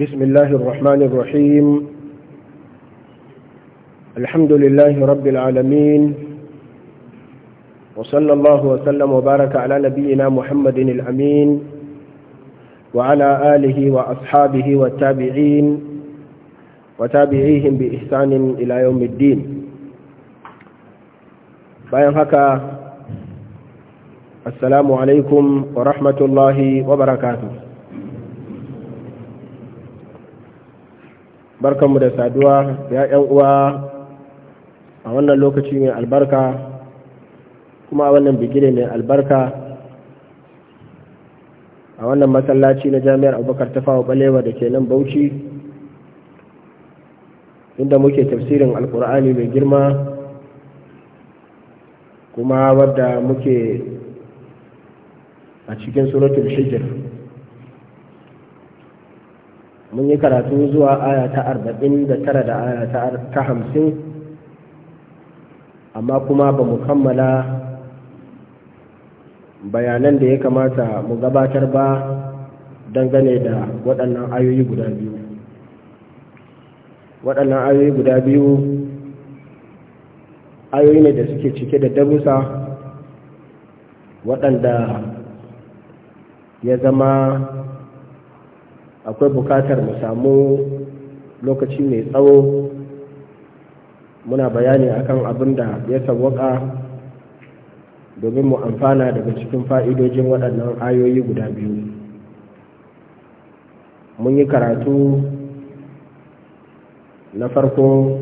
بسم الله الرحمن الرحيم الحمد لله رب العالمين وصلى الله وسلم وبارك على نبينا محمد الأمين وعلى آله وأصحابه والتابعين وتابعيهم بإحسان إلى يوم الدين بيان هكا السلام عليكم ورحمة الله وبركاته barkanmu da saduwa ya yan uwa a wannan lokaci mai albarka kuma a wannan bigire mai albarka a wannan masallaci na jami'ar abubakar tafawa balewa da ke nan bauchi inda muke tafsirin alkur'ani mai girma kuma wadda muke a cikin suratul shijir mun yi karatu zuwa aya ta arba'in da tara da aya ta hamsin amma kuma ba mu kammala bayanan da ya kamata mu gabatar ba dangane da waɗannan ayoyi guda biyu waɗannan ayoyi guda biyu ayoyi ne da suke cike da dabusa waɗanda ya zama akwai bukatar mu samu lokaci mai tsawo muna bayani akan abin da ya sawwaka domin mu amfana daga cikin fa'idojin waɗannan ayoyi guda biyu mun yi karatu na farko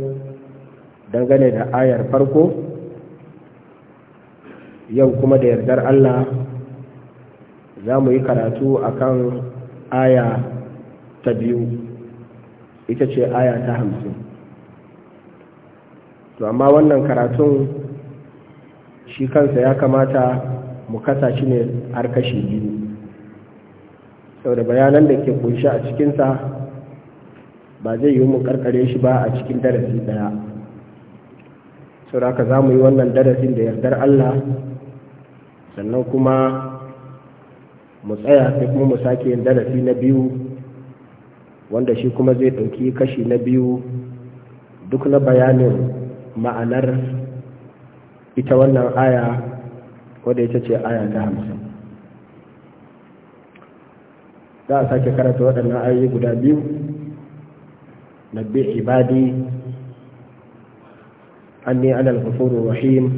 dangane da ayar farko yau kuma da yardar Allah za mu yi karatu akan aya ta biyu ita ce aya ta hamsin to amma wannan karatun shi kansa ya kamata mu kasa shi ne har kashi biyu saboda bayanan da ke kunshi a cikinsa ba zai yi mu karkare shi ba a cikin darasi daya saboda za mu yi wannan darasin da yardar Allah sannan kuma mu tsaya sai kuma mu sake yin darasi na biyu wanda shi kuma zai ɗauki kashi na biyu duk na bayanin ma'anar ita wannan aya wadda ita ce aya ta hamsin za a sake karanta waɗannan ayoyi guda biyu na bi ibadi anni ana al-ghafurur rahim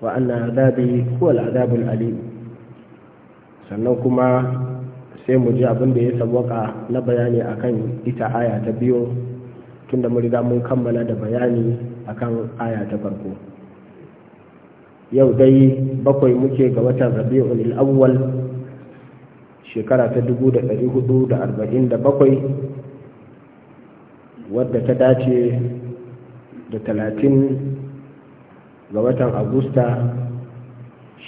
wa anna adabi huwa al-adabul alim sannan kuma sai mu ji abin da ya sabuwa na bayani akan ita aya ta biyu tunda mun riga mun kammala da bayani akan aya ta farko yau dai bakwai muke ga watan rabi'ul awwal shekara ta 1447 wadda ta dace da talatin ga watan agusta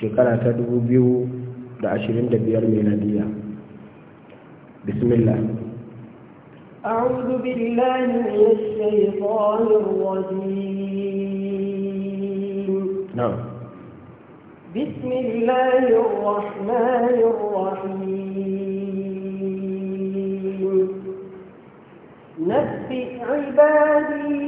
shekara ta 2025 miladiyya بسم الله أعوذ بالله من الشيطان الرجيم نعم بسم الله الرحمن الرحيم نبئ عبادي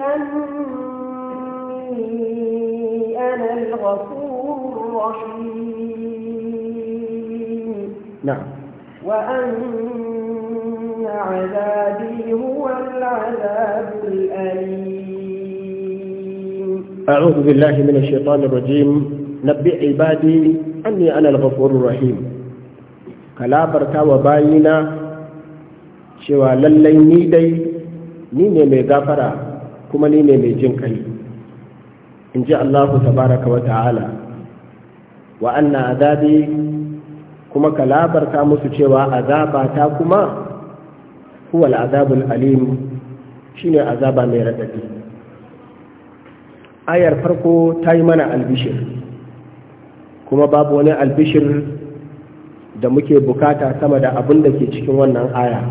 أني أنا الغفور الرحيم نعم وأن عذابي هو العذاب الأليم أعوذ بالله من الشيطان الرجيم نبئ عبادي أني أنا الغفور الرحيم kalabarta wa bayina cewa lallai ni dai ni ne mai gafara kuma ni ne mai jin kai in ji allahu tabaraka wa ta'ala azabi kuma ka labarta musu cewa azaba ta kuma huwal azabul alim shine azaba mai radadi ayar farko ta yi mana albishir kuma babu wani albishir da muke bukata sama da abin da ke cikin wannan aya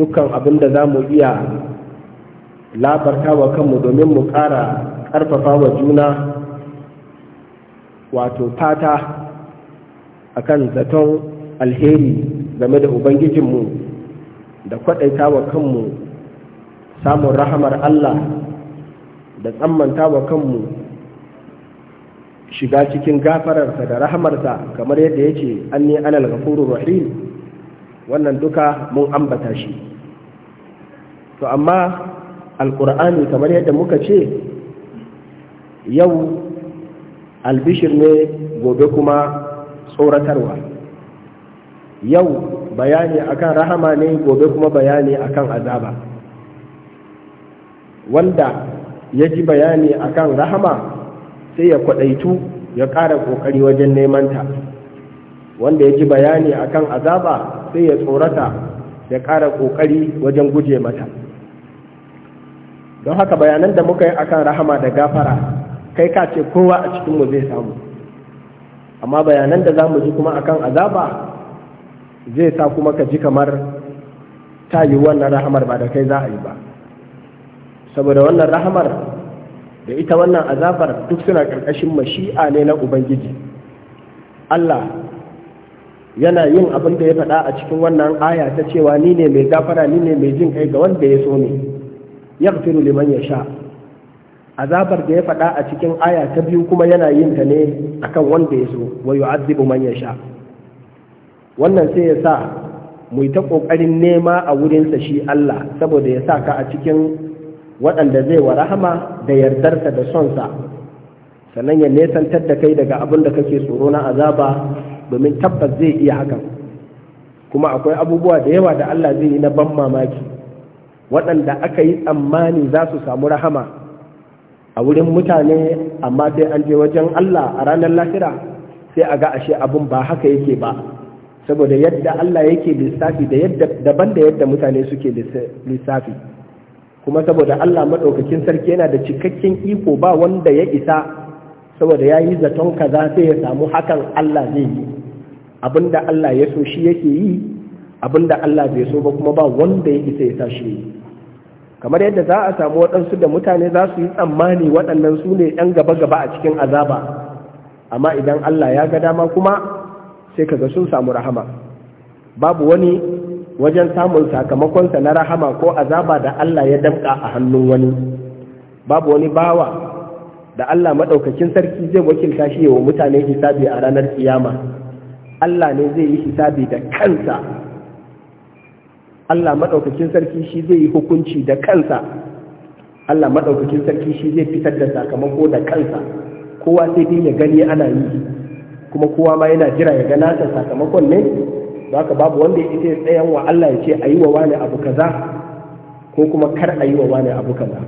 dukkan abin da za mu iya labarta wa kanmu domin mu ƙara ƙarfafa wa juna wato fata akan zaton alheri game da ubangijinmu da kwaɗaita wa kanmu samun rahamar Allah da tsammanta wa kanmu shiga cikin gafararsa da rahamarsa kamar yadda ya ce an ne alal gafuru rahim wannan duka mun ambata shi to amma alkur'ani kamar yadda muka ce yau albishir ne gobe kuma tsoratarwa yau bayani akan rahama ne gobe kuma bayani akan azaba wanda ya ji bayani akan rahama sai ya kwadaitu ya ƙara ƙoƙari wajen nemanta wanda ya ji bayani akan azaba sai ya tsorata ya ƙara ƙoƙari wajen guje mata don haka bayanan da muka yi akan rahama da gafara kai ka ce kowa a cikinmu zai samu amma bayanan da za mu ji kuma akan azaba zai sa kuma ka ji kamar ta yi wannan rahamar ba da kai za a yi ba saboda wannan rahamar da ita wannan azabar duk suna ƙarƙashin mashi'a ne na ubangiji allah yana yin abin da ya faɗa a cikin wannan aya ta cewa ni ne mai gafara ni ne mai jin kai ga wanda ya so ne yaghfiru liman sha. azabar da ya faɗa a cikin aya ta biyu kuma yana yin ta ne akan wanda ya so wa yu'adhibu man yasha wannan sai ya sa mu yi ta ƙoƙarin nema a wurinsa shi Allah saboda ya sa ka a cikin waɗanda zai wa rahama da yardarsa da sonsa sannan ya nesantar da kai daga abin da kake tsoro na azaba domin tabbas zai iya hakan kuma akwai abubuwa da yawa da Allah zai yi na ban mamaki waɗanda aka yi tsammani za su samu rahama a wurin mutane amma sai an je wajen Allah a ranar lahira sai a ga ashe abun ba haka yake ba saboda yadda Allah yake lissafi da yadda daban da yadda mutane suke lissafi kuma saboda Allah maɗaukakin sarki yana da cikakken iko ba wanda ya isa saboda ya yi zaton kaza sai ya samu hakan Allah zai yi abinda Allah ya so shi yake yi abinda Allah bai so ba kuma ba wanda ya isa ya sa yi kamar yadda za a samu waɗansu da mutane za su yi tsammani waɗannan su ne ɗan gaba-gaba a cikin azaba amma idan Allah ya ga dama kuma sai ka ga sun samu rahama babu wani wajen samun sakamakonsa na rahama ko azaba da Allah ya damƙa a hannun wani babu wani bawa da Allah maɗaukakin sarki zai wakilta shi wa mutane hisabi a ranar kiyama Allah ne zai yi hisabi da kansa Allah maɗaukakin sarki shi zai yi hukunci da kansa Allah maɗaukakin sarki shi zai fitar da sakamako da kansa kowa sai dai ya gani ana yi kuma kowa ma yana jira ya ga nasa sakamakon ne ka babu wanda ya ita tsayan wa Allah ya ce a yi wa wani abu kaza ko kuma kar a yi wa wani abu kaza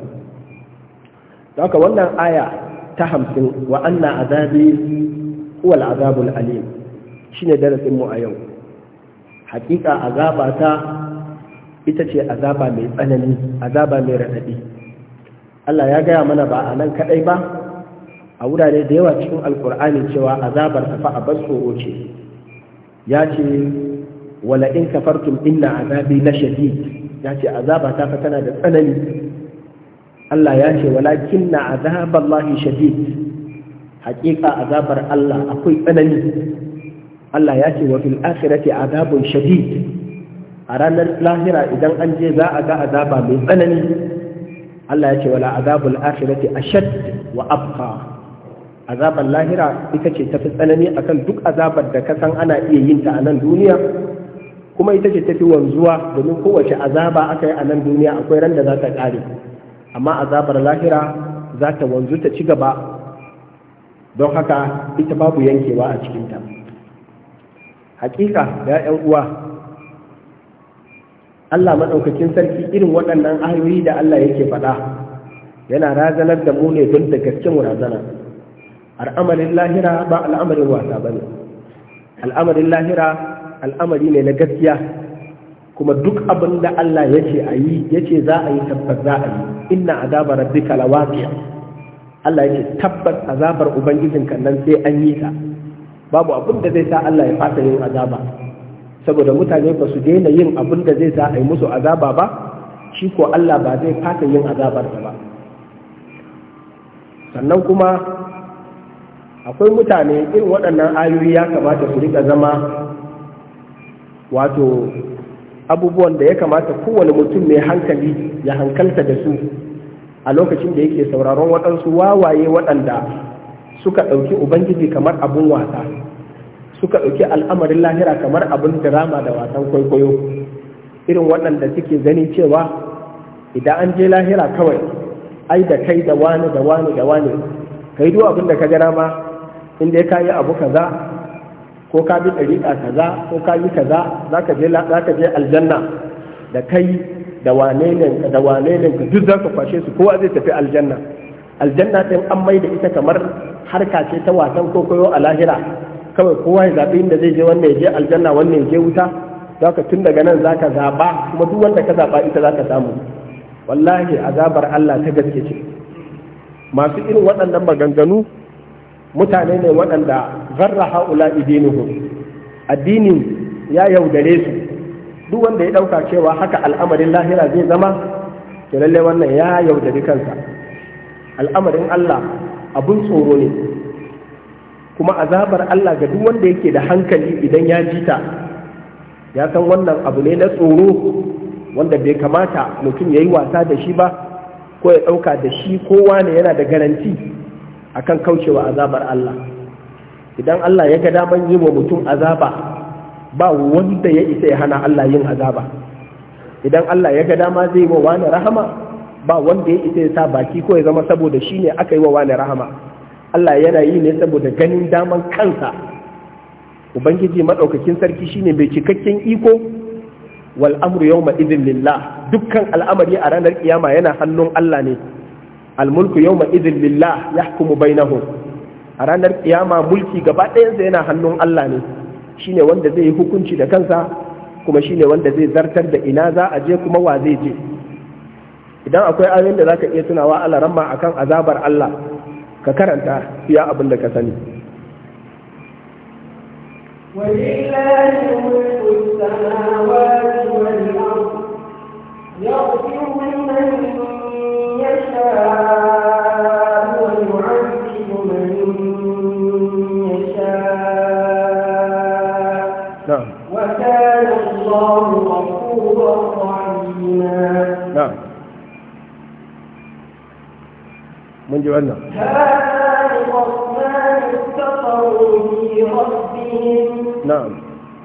ka wannan aya ta hamsin wa anna azabi huwal azabul alim shine darasin mu a yau hakika ta. ita ce azaba mai tsanani azaba mai raɗaɗi Allah ya gaya mana ba a nan kaɗai ba a wurare da yawa cikin alkur'ani cewa azabar ta fa a tsoro ce ya ce wala in kafartum inna azabi na shadid ya ce azaba ta fa tana da tsanani Allah ya ce walakin na lahi shadid haƙiƙa azabar Allah akwai tsanani Allah ya ce wa fil akhirati azabun shadid a ranar lahira idan an je za a ga azaba mai tsanani Allah ya ce wala azabul akhirati ashad wa abqa azabar lahira ita ce tafi tsanani akan duk azabar da ka san ana iya yin ta a nan duniya kuma ita ce tafi wanzuwa domin kowace azaba aka yi a nan duniya akwai ran da za ta kare amma azabar lahira za ta wanzu ta ci gaba don haka ita babu yankewa a cikinta hakika ya 'yan uwa Allah maɗaukakin sarki irin waɗannan ayoyi da Allah yake faɗa yana razanar da mu ne don da gaske mu razana al'amarin lahira ba al'amarin wasa ba ne al'amarin lahira al'amari ne na gaskiya kuma duk abin da Allah yace a yi yake za a yi tabbas za a yi inna azaba rabbika lawaqi Allah yace tabbas azabar ubangijinka nan sai an yi ta babu abin da zai sa Allah ya fasa yin azaba saboda mutane ba su daina yin abin da zai za a yi musu azaba ba shi ko Allah ba zai fata yin azabar ta ba sannan kuma akwai mutane irin waɗannan ayoyi ya kamata su rika zama wato abubuwan da ya kamata kowane mutum mai hankali ya hankalta da su a lokacin da yake sauraron waɗansu wawaye waɗanda suka ɗauki ubangiji kamar abun wasa suka ɗauki al'amarin lahira kamar abin dirama da wasan kwaikwayo irin waɗanda suke gani cewa idan an je lahira kawai ai da kai da wani da wani da wani ka yi duk abin da ka gana ma dai ka yi abu kaza ko ka bi ɗariƙa kaza ko ka yi kaza za ka je aljanna da kai da wane ne da wane ne duk za ka kwashe su kowa zai tafi aljanna aljanna ɗin an mai da ita kamar harka ce ta wasan kwaikwayo a lahira kawai kowa ya zaɓi inda zai je wannan ya je aljanna wannan ya je wuta Za ka tun daga nan za ka zaɓa kuma duk wanda ka zaɓa ita za ka samu wallahi azabar Allah ta gaske ce masu irin waɗannan maganganu mutane ne waɗanda zarra haula idinuhu addinin ya yaudare su duk wanda ya ɗauka cewa haka al'amarin lahira zai zama to lallai wannan ya yaudari kansa al'amarin Allah abun tsoro ne kuma azabar Allah ga duk wanda yake da hankali idan ya ji ta ya san wannan abu ne na tsoro wanda bai kamata mutum ya yi wasa da shi ba ko ya ɗauka da shi kowa ne yana da garanti akan kaucewa azabar Allah idan Allah ya ga daman yi wa mutum azaba ba wanda ya isa ya hana Allah yin azaba idan Allah ya ga dama zai yi wa wani rahama ba wanda ya isa ya sa baki ko ya zama saboda shi ne aka yi wa wani rahama Allah yana yi ne saboda ganin daman kansa ubangiji madaukakin sarki shine mai cikakken iko wal amru yawma idhin lillah dukkan al'amari a ranar kiyama yana hannun Allah ne al mulku yawma idhin lillah yahkumu bainahum a ranar kiyama mulki gaba ɗayansa yana hannun Allah ne shine wanda zai yi hukunci da kansa kuma shine wanda zai zartar da ina za a je kuma wa zai je idan akwai ayoyin da zaka iya tunawa Allah ramma akan azabar Allah ka karanta fiye abin da ka sani Wata ne Allah من ji نعم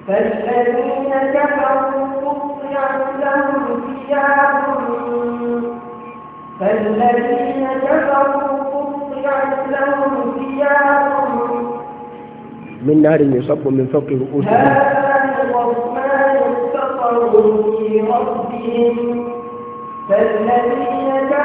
فالذين كفروا قطعت لهم ثياب فالذين كفروا قطعت لهم ثياب من نار يصب من فوق رؤوسهم هذا الرحمن افتقروا في ربهم فالذين كفروا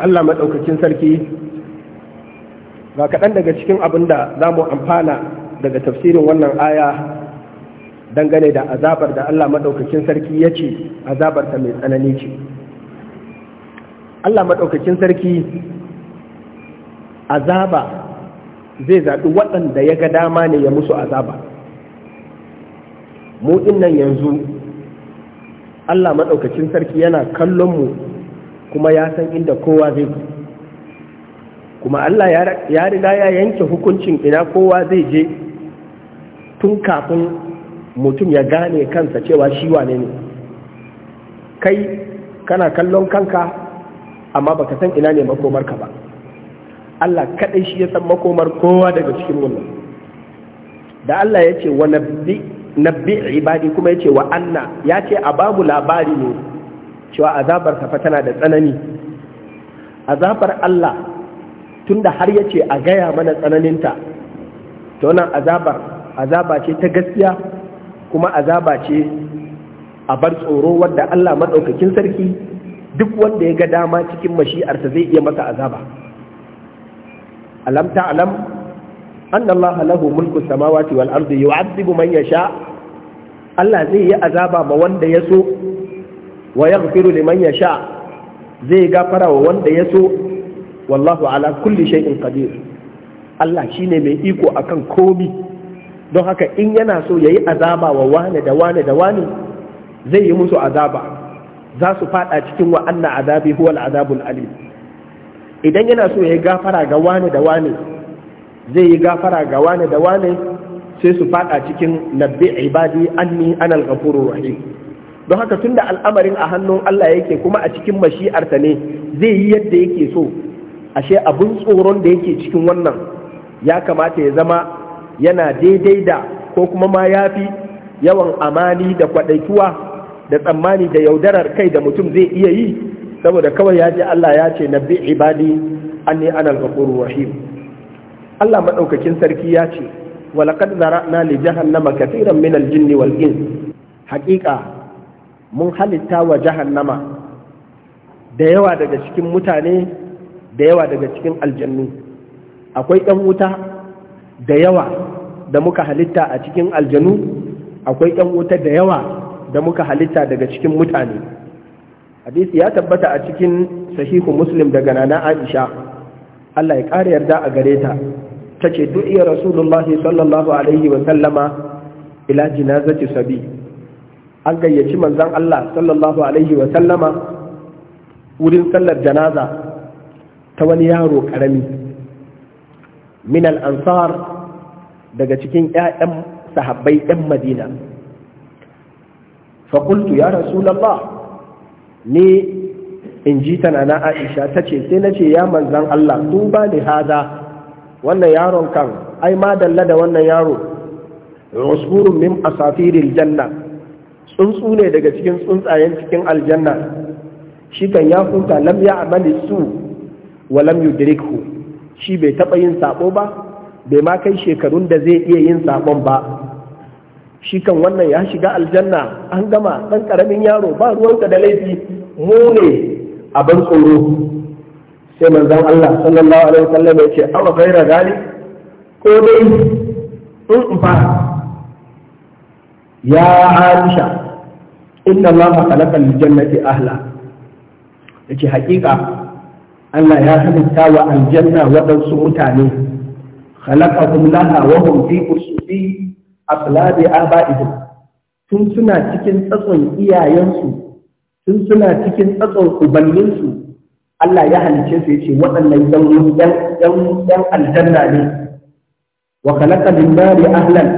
Allah maɗaukakin sarki عذاب ga kaɗan daga cikin abin da za mu amfana daga tafsirin wannan aya dangane da azabar da Allah maɗaukakin sarki ya ce azabarta mai tsanani ce Allah maɗaukakin sarki azaba zai zaɗi waɗanda ya ga dama ne ya musu azaba mu nan yanzu Allah maɗaukacin sarki yana kallon mu kuma ya san inda kowa zai je kuma Allah ya riga ya yanke hukuncin ina kowa zai je tun kafin mutum ya gane kansa cewa shi wane ne kai kana kallon kanka amma baka san ina ne makomarka ba Allah kaɗai shi ya san makomar kowa daga cikin wannan da Allah ya ce wani nabbi ibadi kuma yace wa anna yace a babu labari ne cewa azabar safa tana da tsanani azabar Allah tunda har yace a gaya mana tsananinta to wannan azabar azaba ce ta gaskiya kuma azaba ce a bar tsoro wadda Allah madaukakin sarki duk wanda ya ga dama cikin mashi'arsa zai iya masa azaba alam ta alam. أن الله له ملك السماوات والأرض يعذب من يشاء Allah zai yi azaba ma wanda ya so wa ya liman ya sha zai gafara wa wanda ya so wallahu ala kulli shay'in qadir Allah shine mai iko akan komi don haka in yana so ya yi azaba wa wane da wane da wane zai yi musu azaba za su fada cikin wa anna azabi huwal azabul alim idan yana so ya yi gafara ga wane da wane zai yi gafara ga wane da wane sai su fada cikin nabbi ibadi anni anal ghafurur rahim don haka tunda al'amarin a hannun Allah yake kuma a cikin mashi'arta ne zai yi yadda yake so ashe abun tsoron da yake cikin wannan ya kamata ya zama yana daidai da ko kuma ma yafi yawan amani da kwadaituwa da tsammani da yaudarar kai da mutum zai iya yi saboda kawai ya ji Allah ya ce nabbi ibadi anni anal ghafurur rahim Allah madaukakin sarki ya ce walaqad zara'na li jahannama katiran min al-jinni wal ins haqiqa mun halitta wa jahannama da yawa daga cikin mutane da yawa daga cikin aljannu akwai ɗan wuta da yawa da muka halitta a cikin aljanu akwai ɗan wuta da yawa da muka halitta daga cikin mutane hadisi ya tabbata a cikin sahihu muslim daga nana aisha allah ya ƙara yarda a gare ta ta ce iya rasulullah sallallahu alaihi wa sallama ila jinazati sabi an gayyaci manzan Allah sallallahu alaihi wa sallama wurin sallar janaza ta wani yaro karami min al-ansar daga cikin ƴaƴan sahabbai ƴan Madina fa qultu ya rasulullah ni in ji tana na Aisha ce sai na ce ya manzan Allah tuba li hada wannan yaron kan ai ma dalla da wannan yaro usfurun min asafiril janna tsuntsu ne daga cikin tsuntsayen cikin aljanna shi kan ya huta lam ya amali su wa lam yudrikhu shi bai taba yin sabo ba bai ma kai shekarun da zai iya yin sabon ba shi kan wannan ya shiga aljanna an gama dan karamin yaro ba ruwanka da laifi mu ne a ban tsoro sai manzon Allah sallallahu alaihi wasallam ya ce awa ghaira zalik ko dai in fa ya Aisha inna Allah khalaqa al-jannati ahla yace haƙiƙa Allah ya halitta wa aljanna waɗansu mutane khalaqahum laha wa hum fi usufi aslabi aba'ihim tun suna cikin tsatson iyayensu tun suna cikin tsatson ubanninsu Allah ya halice su yace waɗannan yan yan yan aljanna ne wa khalaqa min nari ahlan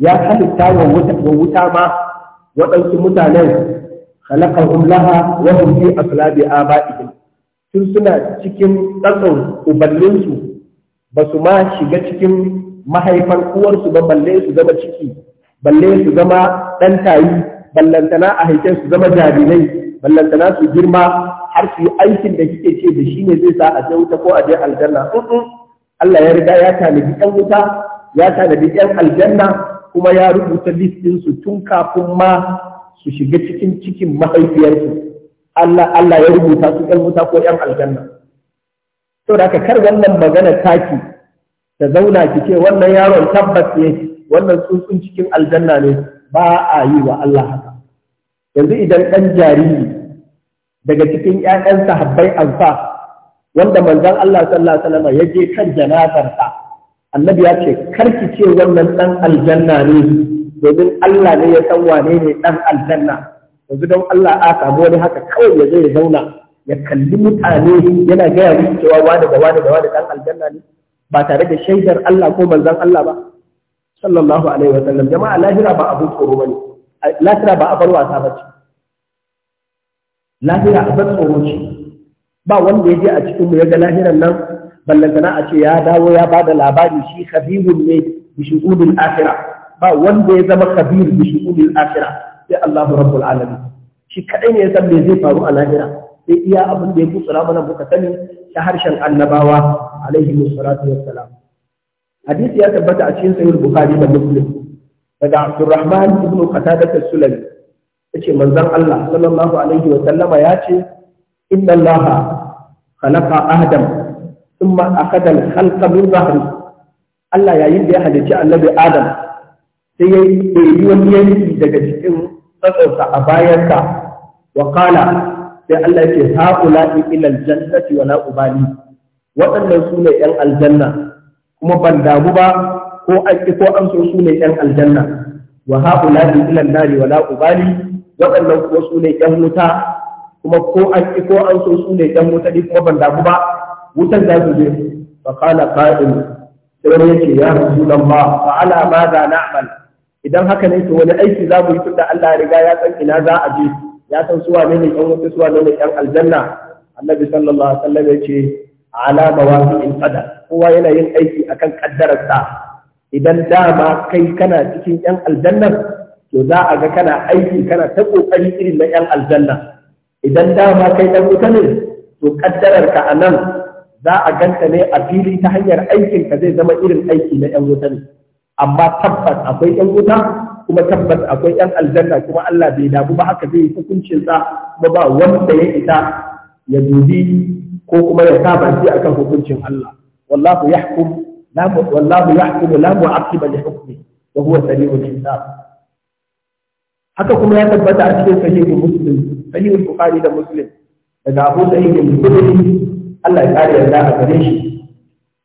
ya halitta wa wuta wa wuta ma waɗansu mutanen khalaqahum laha wa hum fi aslabi abaihim tun suna cikin tsatson uballinsu ba su ma shiga cikin mahaifar uwarsu ba balle su zama ciki balle su zama ɗan tayi ballantana a haife su zama jarirai ballantana su girma har su yi aikin da kike ce da shi ne zai sa a je wuta ko a je aljanna Allah ya riga ya tanadi ɗan wuta ya tanadi ɗan aljanna kuma ya rubuta list su tun kafin ma su shiga cikin cikin mahaifiyarsu Allah Allah ya rubuta su ɗan wuta ko ɗan aljanna to da kar wannan magana taki ta zauna ki ce wannan yaron tabbas ne wannan tsuntsun cikin aljanna ne ba a yi wa Allah haka yanzu idan ɗan jariri daga cikin ƴaƴan sahabbai ansa wanda manzon Allah sallallahu alaihi wasallam ya je kan janazar sa annabi ya ce karki ce wannan ɗan aljanna ne domin Allah ne ya san wane ne ɗan aljanna yanzu don Allah a samu wani haka kawai ya zai zauna ya kalli mutane yana gaya musu cewa wani da wani da wani ɗan aljanna ne ba tare da shaidar Allah ko manzon Allah ba sallallahu alaihi wasallam jama'a lahira ba abu tsoro bane lahira ba abar wasa bace lahira a tsoro ce ba wanda ya je a cikin mu ya ga lahiran nan ballantana a ce ya dawo ya ba da labari shi khabirun ne bi shu'ulil akhirah ba wanda ya zama khabir bi shu'ulil akhirah sai Allahu rabbul alamin shi kadai ne ya san me zai faru a lahira sai iya abin da ya kutsura mana muka sani ta harshen annabawa alaihi wassalatu wassalam hadisi ya tabbata a cikin sahih bukhari da muslim daga abdurrahman ibn qatadah as-sulami yace manzon Allah sallallahu alaihi wa sallama ya ce inna Allah khalaqa adam thumma akhadha al-khalqa min dhahri Allah yayin da ya halicci annabi Adam sai ya yi wani yanki daga cikin tsatsarsa a bayansa wa qala sai Allah yake haula'i ila al-jannati wa la ubali waɗannan su ne ‘yan aljanna kuma ban damu ba ko an ko an so su ne ‘yan aljanna wa haula bi ilan nari wa la waɗannan kuma su ne ƴan wuta kuma ko an ki ko an so su ne ƴan wuta ne kuma ban damu ba wutan za su je fa qala qa'il sai wani yace ya rasulullah fa ala ma za na'mal idan haka ne to wani aiki za mu yi tunda Allah ya riga ya san ina za a je ya san su wane ne ƴan wuta su wane ne ƴan aljanna annabi sallallahu alaihi wasallam yace ala mawaqi'il qadar kowa yana yin aiki akan kaddararsa idan dama kai kana cikin ƴan aljannar to za a ga kana aiki kana ta kokari irin na yan aljanna idan dama kai dan wuta ne to kaddarar ka anan za a ganta ne a fili ta hanyar aikin ka zai zama irin aiki na yan wuta ne amma tabbas akwai yan wuta kuma tabbas akwai yan aljanna kuma Allah bai damu ba haka zai hukuncin sa kuma ba wanda ya isa ya dubi ko kuma ya saba shi akan hukuncin Allah wallahu yahkum la wallahu yahkum la mu'aqqiba li hukmi wa huwa sari'ul hisab haka kuma ya tabbata a cikin sahihin muslim sahihin bukhari da muslim daga abu sahihin muslim Allah ya kare yarda a gare shi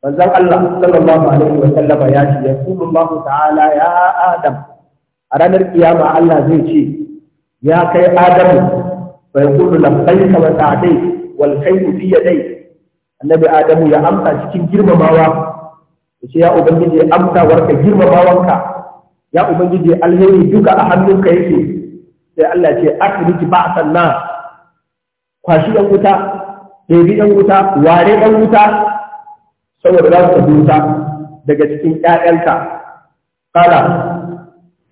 manzon Allah sallallahu alaihi wa sallama ya ce yaqulu ta'ala ya adam a ranar kiyama Allah zai ce ya kai adamu fa yaqulu labbaika wa sa'dai wal khayru fi yadai annabi adamu ya amsa cikin girmamawa ce ya ubangiji amsa warka girmamawanka ya ubangiji alheri duka a hannunka yake sai Allah ce akhrij ba'san sanna. kwashi yan wuta bi yan wuta ware yan wuta saboda za su wuta daga cikin ƴaƴanka kala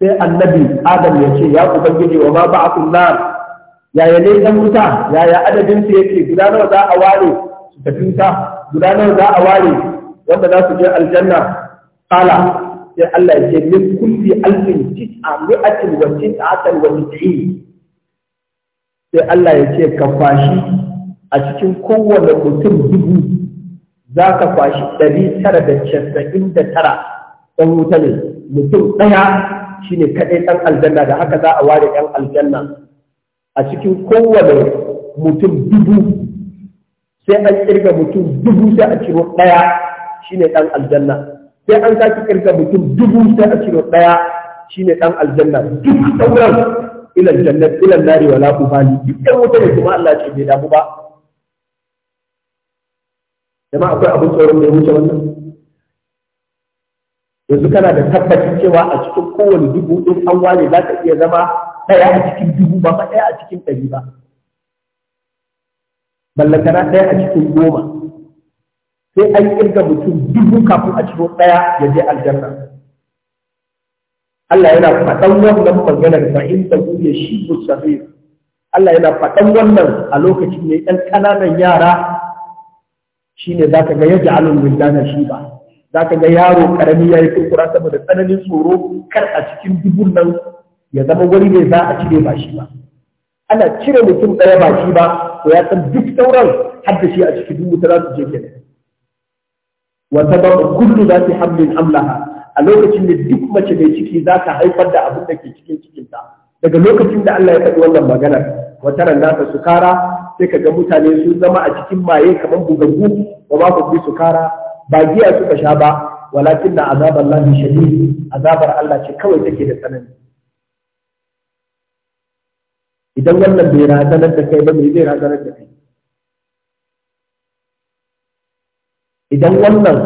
sai annabi adam ya ce ya ubangiji wa ma ba'athun nar yaya ne yan wuta yaya adadin su yake guda nawa za a ware su tafi wuta guda nawa za a ware wanda za su je aljanna kala sai Allah ya ce min kulli alfin tis'a mi'atin wa tis'atan wa tis'in sai Allah ya ce ka fashi a cikin kowane mutum dubu za ka fashi ɗari tara da casa'in da tara ɗan wuta ne mutum ɗaya shine kaɗai ɗan aljanna da haka za a ware ɗan aljanna a cikin kowane mutum dubu sai an ƙirga mutum dubu sai a ciro ɗaya shine ɗan aljanna sai an sake karka mutum dubu sai a cire ɗaya shine ɗan aljanna duk sauran ilal jannat ilal nari wala kubali duk ɗan wuta ne kuma Allah ce bai damu ba jama'a akwai abin tsoron da ya wuce wannan yanzu kana da tabbacin cewa a cikin kowane dubu ɗin an ware za ka iya zama ɗaya a cikin dubu ba ɗaya a cikin ɗari ba ballantana ɗaya a cikin goma sai an kirga mutum dubu kafin a ciro ɗaya ya je aljanna Allah yana faɗan wannan maganar fa in da ya shi musafir Allah yana faɗan wannan a lokacin ne ɗan ƙananan yara shine zaka ga yaji alul wildana shi ba ka ga yaro karami yayi kurkura saboda tsananin tsoro kar a cikin dubun nan ya zama wuri ne za a cire ba shi ba ana cire mutum ɗaya ba shi ba to ya san duk sauran har da shi a cikin dubu ta za su je kenan wa sababu kullu yi hamlin amlaha a lokacin da duk mace mai ciki za ta haifar da abin da ke cikin cikinta daga lokacin da Allah ya faɗi wannan magana wata ran su sukara sai ka ga mutane sun zama a cikin maye kamar bugaggu wa ba ku bi sukara ba giya suka sha ba walakin na azabar lahi shadid azabar Allah ce kawai take da tsanani idan wannan bai razanar da kai ba mai zai razanar da kai idan wannan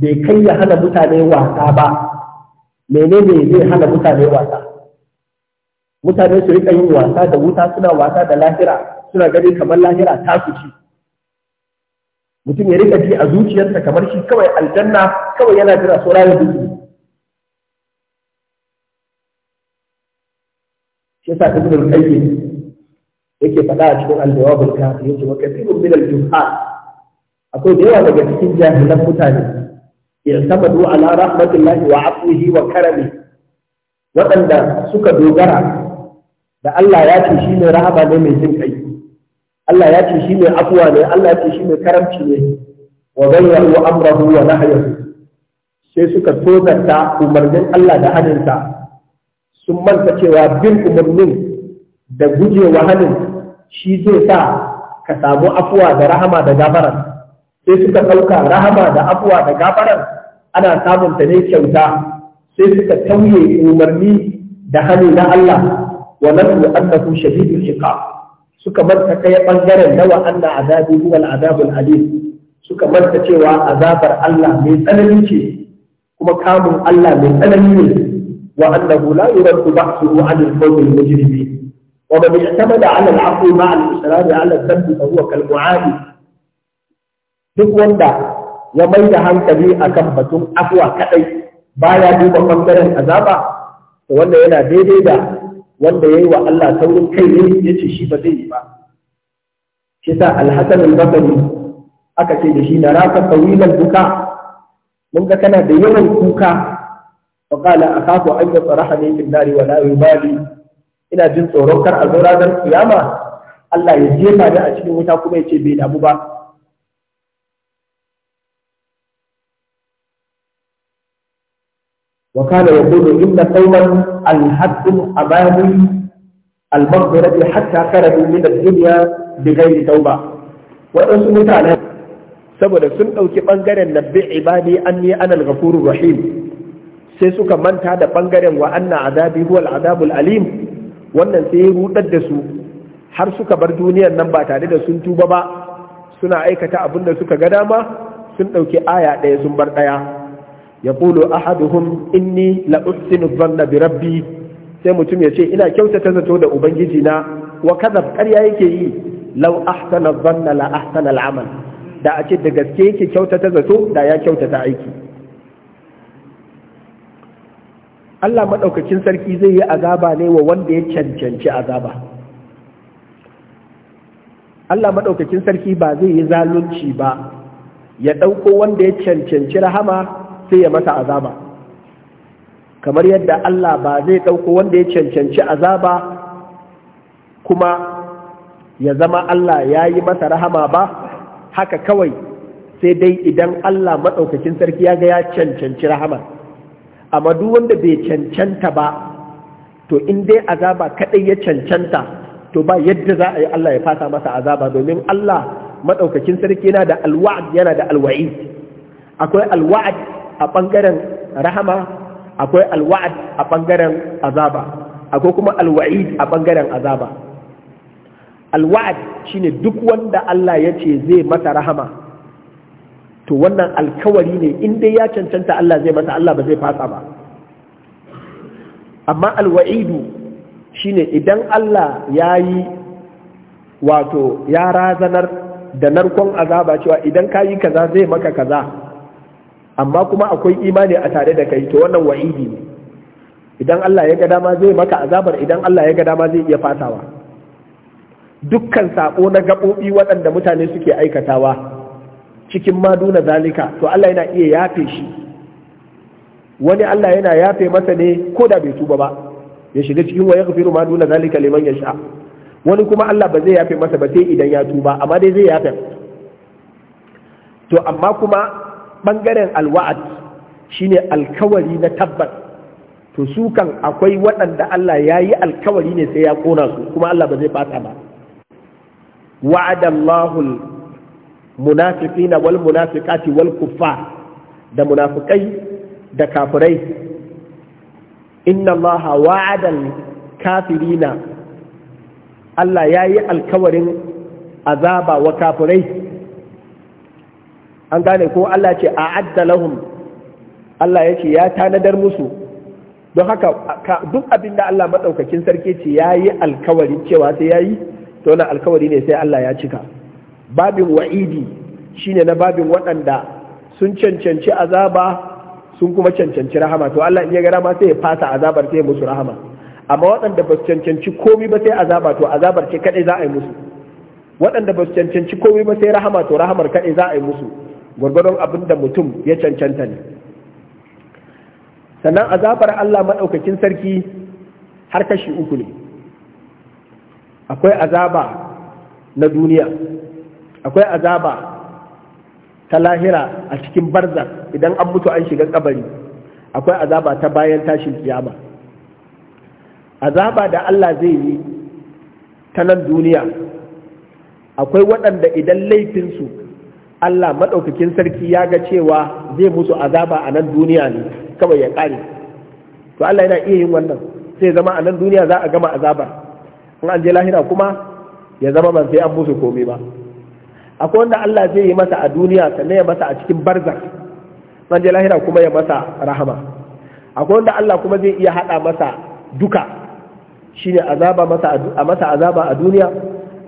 bai kai ya hana mutane wasa ba menene zai hana mutane wasa mutane su rika yin wasa da wuta suna wasa da lahira suna gani kamar lahira ta su ci mutum ya rika ji a zuciyarsa kamar shi kawai aljanna kawai yana jira so rayu duki shi sa ibn yake faɗa a cikin al-jawab kafi yace wa kathirun min al-juhal akwai da yawa daga cikin jahilan mutane ya sabadu ala rahmatillahi wa afuhi wa karami waɗanda suka dogara da Allah ya ce shi ne rahama ne mai jin kai Allah ya ce shi ne afuwa ne Allah ya ce shi ne karamci ne wa amrahu wa nahyahu sai suka tozarta umarnin Allah da haninsa sun manta cewa bin umarnin da gujewa hanin shi zai sa ka samu afuwa da rahama da gafara sai suka ɗauka rahama da afuwa da gafarar ana samun ta ne kyauta sai suka tauye umarni da hannu na Allah wa nasu annahu shadidul iqa suka manta kai bangaren da wa anna azabi huwa al-azabul alim suka manta cewa azabar Allah mai tsanani ce kuma kamun Allah mai tsanani ne wa annahu la yuraddu ba'suhu 'ala al-qawmi al-mujrimin ma'a al-israr 'ala al-dhanbi fa huwa kal-mu'adi duk wanda ya mai da hankali akan batun afuwa kadai baya duba ɓangaren azaba to wanda yana daidai da wanda yayi wa Allah saurin kai ne ce shi ba zai yi ba shi sa al aka ce da shi na raka tawilan duka mun ga kana da yawan kuka fa a kafu an yatrahani fi an-nar wa la yubali ina jin tsoron kar a zo ranar kiyama Allah ya jefa ni a cikin wuta kuma ya ce bai damu ba وكان يقول إن قوما الحد أمام المغفرة حتى خرجوا من الدنيا بغير توبة وأنسوا متعنا saboda sun ɗauki ɓangaren na bi ibadi an ni anal ghafurur rahim sai suka manta da ɓangaren wa anna azabi huwal azabul alim wannan sai ya rudar da su har suka bar duniyar nan ba tare da sun tuba ba suna aikata abin da suka ga dama sun ɗauki aya ɗaya sun bar ɗaya يقول ahaduhum inni la usinu dhanna bi sai mutum ya ce ina kyautata zato da ubangiji na wa ƙarya yake yi law ahsana dhanna la ahsana al'amal da a ce da gaske yake kyautata zato da ya ta aiki Allah maɗaukacin sarki zai yi azaba ne wa wanda ya cancanci azaba Allah maɗaukacin sarki ba zai yi zalunci ba ya ɗauko wanda ya cancanci rahama sai ya masa azaba kamar yadda Allah ba zai ɗauko wanda ya cancanci azaba kuma ya zama Allah ya yi masa rahama ba haka kawai sai dai idan Allah maɗaukacin sarki ya ga ya cancanci rahama amma duk wanda bai cancanta ba to in dai azaba kaɗai ya cancanta to ba yadda za a yi Allah ya fasa masa azaba domin Allah maɗaukacin sarki yana da alwa'ad yana da alwa'i akwai alwa'ad a bangaren rahama akwai alwa'ad a ɓangaren azaba akwai kuma alwa'id a ɓangaren azaba alwa'ad shine duk wanda Allah ya ce zai mata rahama to wannan alkawari ne in dai ya cancanta Allah zai mata Allah ba zai fasa ba amma alwa'idu shine idan Allah ya yi wato ya razanar da narkon azaba cewa idan ka yi kaza zai maka kaza amma kuma akwai imani a tare da kai to wannan wa'idi ne idan Allah ya ga dama zai maka azabar idan Allah ya ga dama zai iya fatawa dukkan sako na gaɓoɓi waɗanda mutane suke aikatawa cikin maduna zalika to Allah yana iya yafe shi wani Allah yana yafe masa ne ko da bai tuba ba ya shiga cikin wa yaghfiru ma duna zalika liman yasha wani kuma Allah ba zai yafe masa ba sai idan ya tuba amma dai zai yafe to amma kuma ɓangaren alwa'ad shine alkawari na tabbas to su kan akwai waɗanda Allah ya yi alkawari ne sai ya ƙona su kuma Allah ba zai fata ba wa'adallahu munafiqina wal munafiqati wal kuffar da munafikai da kafirai inna Allah wa'adal kafirina Allah ya yi alkawarin azaba wa kafirai an gane ko Allah ce a adda lahum Allah ya ce ya tanadar musu don haka duk abin da Allah maɗaukakin sarki ce ya yi alkawari cewa sai ya yi to wannan alkawari ne sai Allah ya cika babin wa'idi shine na babin waɗanda sun cancanci azaba sun kuma cancanci rahama to Allah in ya gara ma sai ya fasa azabar sai ya musu rahama amma waɗanda ba su cancanci komai ba sai azaba to azabar ce kaɗai za a yi musu waɗanda ba su cancanci komai ba sai rahama to rahamar kaɗai za a yi musu gwargwadon abin da mutum ya cancanta ne sannan azabar Allah maɗaukakin sarki har kashi uku ne akwai azaba na duniya akwai azaba ta lahira a cikin barza idan an mutu an shiga kabari akwai azaba ta bayan tashin kiyama azaba da Allah zai yi ta nan duniya akwai waɗanda idan laifinsu Allah maɗaukakin sarki ya ga cewa zai musu azaba a nan duniya ne kawai ya ƙare to Allah yana iya yin wannan sai zama a nan duniya za a gama azabar in an je lahira kuma ya zama ban sai an musu komai ba akwai wanda Allah zai yi masa a duniya sannan ya masa a cikin barzak an je lahira kuma ya masa rahama akwai wanda Allah kuma zai iya haɗa masa duka shine azaba a masa azaba a duniya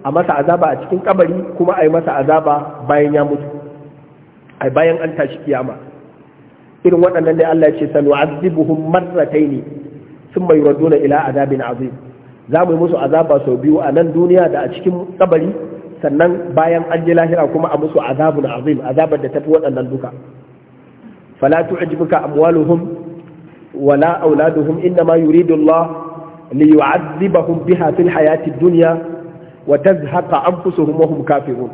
a masa azaba a cikin kabari kuma a yi masa azaba bayan ya mutu a bayan an tashi kiyama irin waɗannan dai Allah ya ce sanu azibuhum ne sun mai raduna ila azabin azim za mu yi musu azaba sau biyu a nan duniya da a cikin kabari sannan bayan an je lahira kuma a musu azabun azim azabar da tafi waɗannan duka fala tu'jibuka amwaluhum wala auladuhum inna ma yuridu Allah li yu'adhibahum biha fil hayati dunya wa tazhaqa anfusuhum wa fi kafirun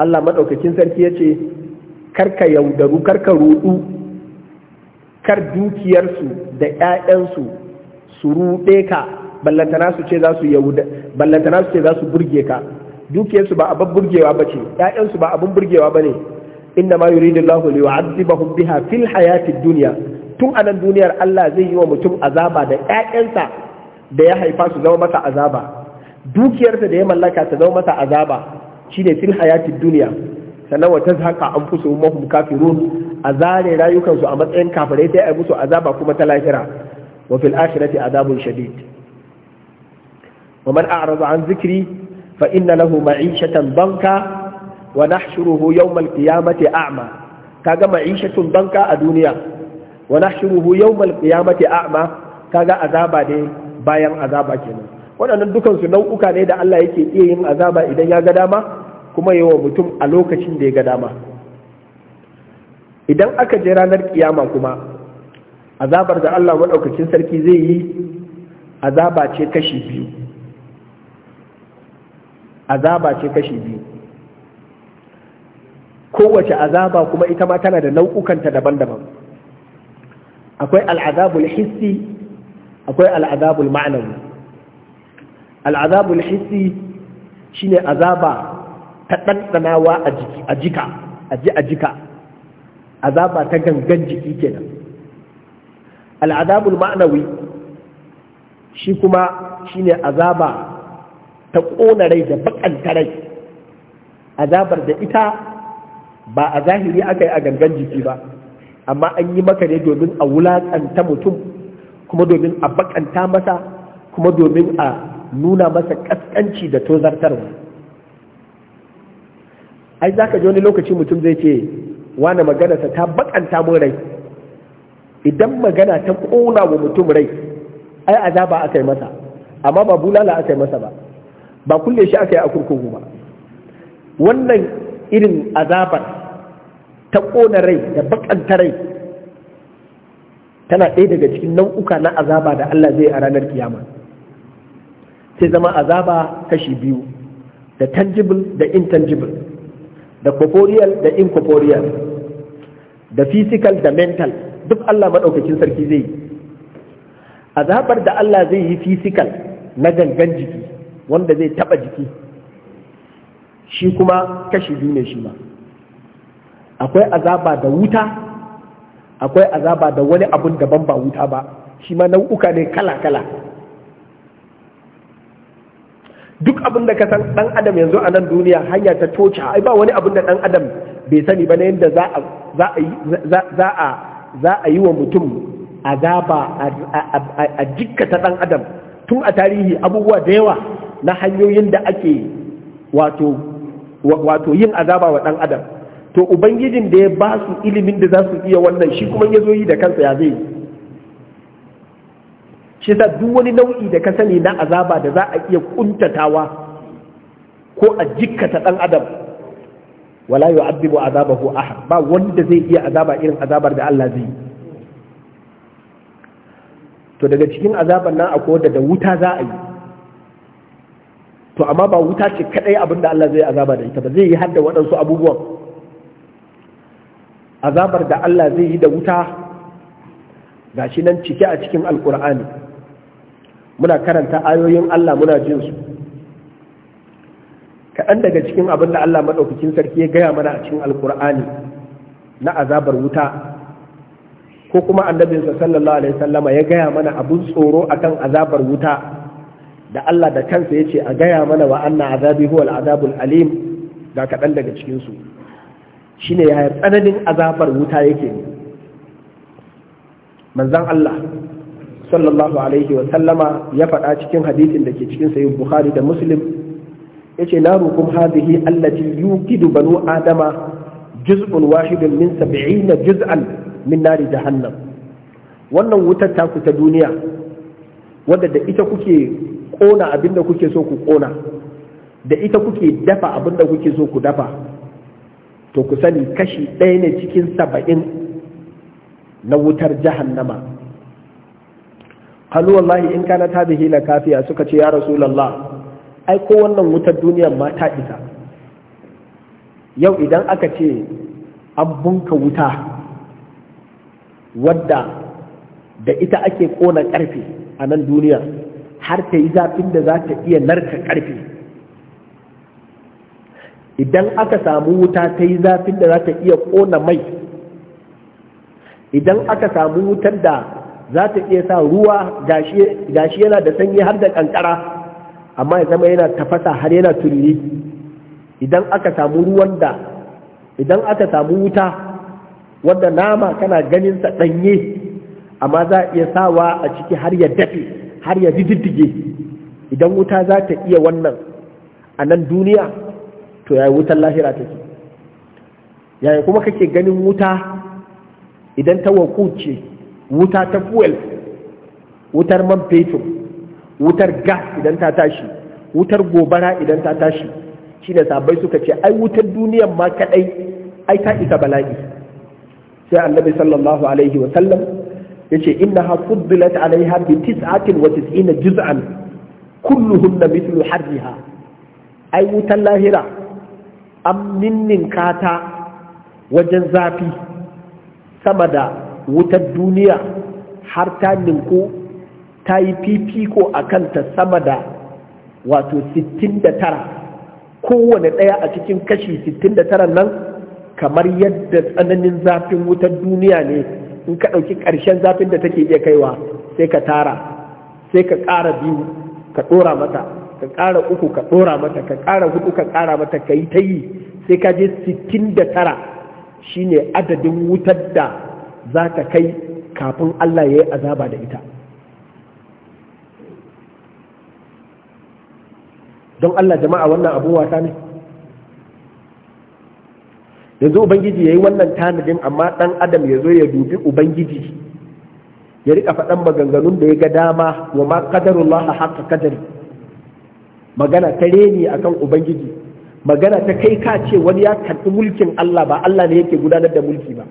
Allah madaukakin sarki ya ce karka yaudaru karka ruɗu, kar dukiyarsu da 'ya'yansu su rude ka ballantana su ce za su ce za su burge ka dukiyarsu ba abin burgewa ce. Ya'yansu ba abin burgewa ne. inna ma yuridu Allahu li yu'adhibahum biha fil hayati duniya. tun anan duniyar Allah zai yi wa mutum azaba da ya'yansa da ya haifa su zama masa azaba dukiyarsa da ya mallaka ta zama masa azaba shine fil hayati duniya sannan wa tazhaqa anfusuhum wa hum kafirun azare rayukansu a matsayin kafirai sai ai musu azaba kuma ta lahira wa fil akhirati adabun shadid wa man a'rada an zikri fa inna lahu ma'ishatan banka wa nahshuruhu yawm al-qiyamati a'ma kaga ma'ishatun banka a duniya wa nahshuruhu yawm al-qiyamati a'ma kaga azaba dai bayan azaba kenan waɗannan dukansu nau'uka ne da Allah yake iya yin azaba idan ya ga dama kuma yi wa mutum a lokacin da ya ga dama idan aka je ranar kiyama kuma azabar da Allah maɗaukacin sarki zai yi azaba ce kashi biyu azaba ce kashi biyu kowace azaba kuma ita ma tana da nau'ukanta daban-daban akwai al'azabul hissi akwai al'azabul ma'anawi al'azabul hissi ne azaba ta ɗanɗanawa a jika a ji a jika azaba ta gangan jiki kenan al'azabun ma'anawi shi kuma shine azaba ta ƙona rai da baƙanta rai azabar da ita ba a zahiri aka yi a gangan jiki ba amma an yi maka ne domin a wulaƙanta mutum kuma domin a baƙanta masa kuma domin a nuna masa kaskanci da tozartarwa ai za ka ji wani lokaci mutum zai ce wane maganarsa ta bakanta mun rai idan magana ta ƙona wa mutum rai ai azaba aka yi masa amma ba bulala aka yi masa ba ba kulle shi aka yi a kurkuku ba wannan irin azabar ta ƙona rai da baƙanta rai tana ɗaya daga cikin nau'uka na azaba da Allah zai a ranar kiyama sai zama azaba kashi biyu da tangible da intangible da corporeal da incorporeal da physical da mental duk Allah maɗaukacin sarki zai yi azabar da Allah zai yi physical na gangan jiki wanda zai taɓa jiki shi kuma kashi biyu ne shi ma akwai azaba da wuta akwai azaba da wani abun daban ba wuta ba shi ma nau'uka ne kala-kala duk abin da ka san ɗan adam yanzu a nan duniya hanya ta coci. ai ba wani abin da dan adam bai sani ba na yadda za a yi wa mutum azaba a jikkata dan adam tun a tarihi abubuwa da yawa na hanyoyin da ake wato wato yin azaba wa dan adam to ubangijin da ya ba su ilimin da za su iya wannan shi kuma ya zo yi da kansa ya zai yi shi sa duk wani nau'i da ka sani na azaba da za a iya kuntatawa ko a jikkata dan adam wala yu'adhibu azabahu ahad ba wanda zai iya azaba irin azabar da Allah zai to daga cikin azabar nan akwai da da wuta za a yi to amma ba wuta ce kadai abin da Allah zai azaba da ita ba zai yi da waɗansu abubuwan azabar da Allah zai yi da wuta gashi nan cike a cikin alkur'ani muna karanta ayoyin Allah muna jin su kaɗan daga cikin abin da Allah maɗaukakin sarki ya gaya mana a cikin alkur'ani na azabar wuta ko kuma annabinsa sallallahu alaihi sallama ya gaya mana abun tsoro akan azabar wuta da Allah da kansa ya ce a gaya mana wa anna azabi huwa al'azabul alim ga kaɗan daga cikin su shine ya tsananin azabar wuta yake manzan Allah sallallahu alaihi wa sallama ya faɗa cikin hadisin da ke cikin sayin bukhari da muslim yace na rukun hadhihi allati yuqidu banu adama juz'un wahidun min juz'an min nari jahannam wannan wutar ta ta duniya wadda da ita kuke kona abinda kuke so ku kona da ita kuke dafa abinda kuke so ku dafa to ku sani kashi ɗaya ne cikin saba'in na wutar jahannama qalu wallahi in kana ta bihi la kafiya suka ce ya rasulullah ai ko wannan wutar duniyar ma ta isa yau idan aka ce an bunka wuta wadda da ita ake kona karfe a nan duniya har ta yi zafin da za ta iya narka karfe idan aka samu wuta ta yi zafin da za ta iya kona mai idan aka samu wutar da za ta iya sa ruwa gashi yana da sanyi har da kankara amma ya zama yana tafasa har yana turiri idan aka samu ruwan da idan aka samu wuta wanda nama kana ganin sa danye amma za a iya sawa a ciki har ya dafe har ya diddige idan wuta za ta iya wannan a nan duniya to yayi wutar lahira ta take yaya kuma kake ganin wuta idan ta wakuce ce wuta ta fuel wutar man fetur wutar gas idan ta tashi wutar gobara idan ta tashi shine sabai suka ce ai wutar duniyan ma kadai ai ta isa bala'i sai annabi sallallahu alaihi wa sallam yace innaha fuddilat alaiha bi tis'atin wa tis'ina juz'an kulluhunna mithlu harriha ai wutar lahira an ninninka wajen zafi sama da wutar duniya har ta ninku ta yi fifiko a kanta sama da wato 69 kowane ɗaya a cikin kashi 69 nan kamar yadda tsananin zafin wutar duniya ne in ka ɗauki ƙarshen zafin da take iya kaiwa sai ka tara sai ka ƙara biyu ka ɗora mata ka ƙara uku ka ɗora mata ka ƙara hudu ka ƙara mata ka yi ta yi sai ka je 69 shine adadin wutar da za ta kai kafin Allah ya yi azaba da ita don Allah jama'a wannan abu wata ne yanzu ubangiji ya yi wannan tanadin amma ɗan adam ya zo ya dubi ubangiji ya rika faɗan maganganun da ya ga dama wa ma qadarullah haka qadari magana ta reni akan ubangiji magana ta kai ka ce wani ya karɓi mulkin Allah ba Allah ne yake gudanar da mulki ba